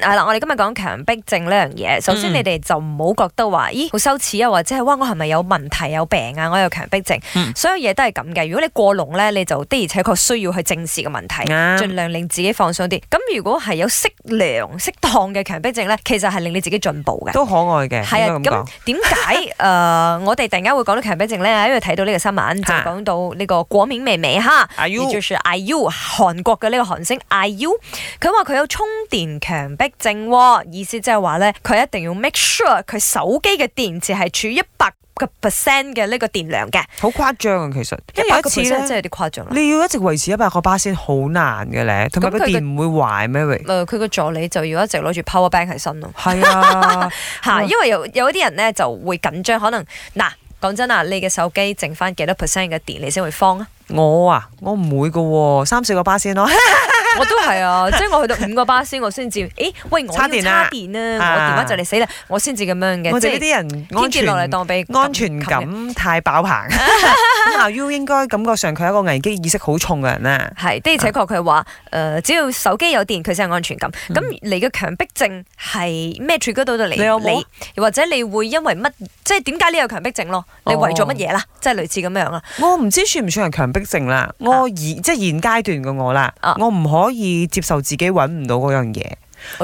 係、嗯、啦，我哋今日講強迫症呢樣嘢。首先，你哋就唔好覺得話，咦、嗯，好、欸、羞恥啊，或者係哇，我係咪有問題、有病啊？我有強迫症。嗯、所有嘢都係咁嘅。如果你過籠咧，你就的而且確需要去正視嘅問題，盡、啊、量令自己放鬆啲。咁如果係有適量、適當嘅強迫症咧，其實係令你自己進步嘅。都可愛嘅。係啊，咁點解誒？我哋突然間會講到強迫症咧，因為睇到呢個新聞 就講到呢個國民妹妹哈，I U，也就是 I U，韓國嘅呢個韓星 I U，佢話佢有充電強迫靜，意思即係話咧，佢一定要 make sure 佢手機嘅電池係處一百個 percent 嘅呢個電量嘅。好誇張啊，其實因為一百個 percent 真係有啲誇張。你要一直維持一百個巴先，好難嘅咧。同埋個電唔會壞咩？佢個助理就要一直攞住 power bank 喺身咯。係啊，吓， 因為有有啲人咧就會緊張，可能嗱，講真啊，你嘅手機剩翻幾多 percent 嘅電，你先會慌啊？我啊，我唔會噶、啊，三四個巴先咯。 我都係啊，即係我去到五個巴士我，我先至，誒喂，我插電啊！啊我電話就嚟死啦，啊，我先至咁樣嘅。或者呢啲人安天線落嚟當備安全感太爆棚。阿 U 應該感覺上佢係一個危機意識好重嘅人啊。係的而且確佢話，誒、啊、只要手機有電，佢先係安全感。咁、嗯、你嘅強迫症係咩處到度嚟？你有你或者你會因為乜？即係點解你有強迫症咯、哦？你為咗乜嘢啦？即係類似咁樣算算啊，啊？我唔知算唔算係強迫症啦。我現即係現階段嘅我啦，我唔可。可以接受自己揾唔到嗰樣嘢，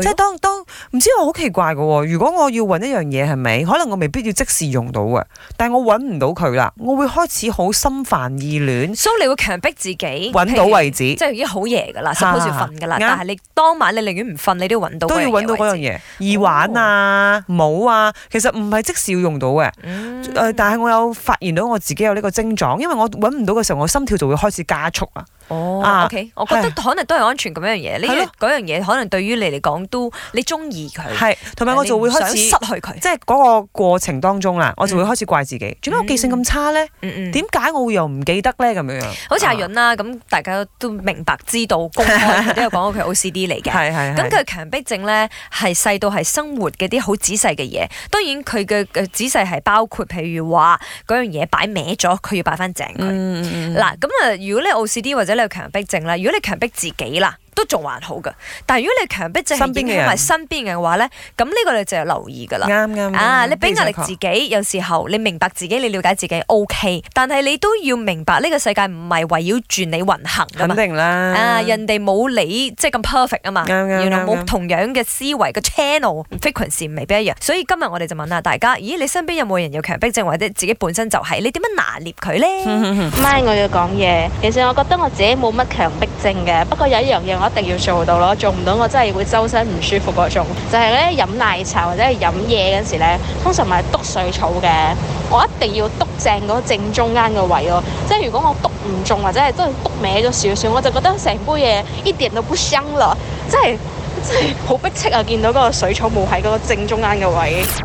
即係當當唔知，我好奇怪嘅。如果我要揾一樣嘢，係咪可能我未必要即時用到嘅？但係我揾唔到佢啦，我會開始好心煩意亂，所以你會強迫自己揾到為止，即係已經好夜噶啦，suppose 要瞓噶啦。但係你當晚你寧願唔瞓，你都要揾到，都要揾到嗰樣嘢，耳環啊、帽、哦、啊，其實唔係即時要用到嘅、嗯呃。但係我有發現到我自己有呢個症狀，因為我揾唔到嘅時候，我心跳就會開始加速啊。哦、啊、OK，我覺得可能都係安全咁樣嘢，呢嗰樣嘢可能對於你嚟講都你中意佢，係，同埋我就會開始失去佢，即係嗰個過程當中啦、嗯，我就會開始怪自己，點解我記性咁差咧？嗯、點解、嗯、我又唔記得咧？咁樣樣，好似阿潤啦、啊，咁、啊、大家都明白知道公開佢都有講過佢 OCD 嚟嘅，係，咁佢強迫症咧係細到係生活嘅啲好仔細嘅嘢，當然佢嘅仔細係包括譬如話嗰樣嘢擺歪咗，佢要擺翻正佢。嗱咁啊，如果你 OCD 或者你有強迫症啦，如果你強迫自己啦。都仲還好噶，但係如果你強迫症已經喺埋身邊嘅話呢，咁呢個你就要留意噶啦。啱、嗯、啱、嗯嗯、啊，嗯、你俾壓力自己、嗯，有時候你明白自己，你了解自己 O、okay, K，但係你都要明白呢個世界唔係圍繞住你運行啊嘛，肯定啦，啊人哋冇你即係咁 perfect 啊嘛，原來冇同樣嘅思維個、嗯、channel，frequency 未、嗯、必一樣。所以今日我哋就問下大家，咦你身邊有冇人有強迫症或者自己本身就係、是？你點樣拿捏佢呢？唔 係我要講嘢，其實我覺得我自己冇乜強迫症嘅，不過有一樣嘢我一定要做到咯，做唔到我真係會周身唔舒服嗰種。就係咧，飲奶茶或者係飲嘢嗰時咧，通常咪督水草嘅，我一定要督正嗰個正中間個位咯。即係如果我督唔中或者係真係督歪咗少少，我就覺得成杯嘢一點都不香啦。真係真係好逼斥啊！見到嗰個水草冇喺嗰個正中間嘅位置。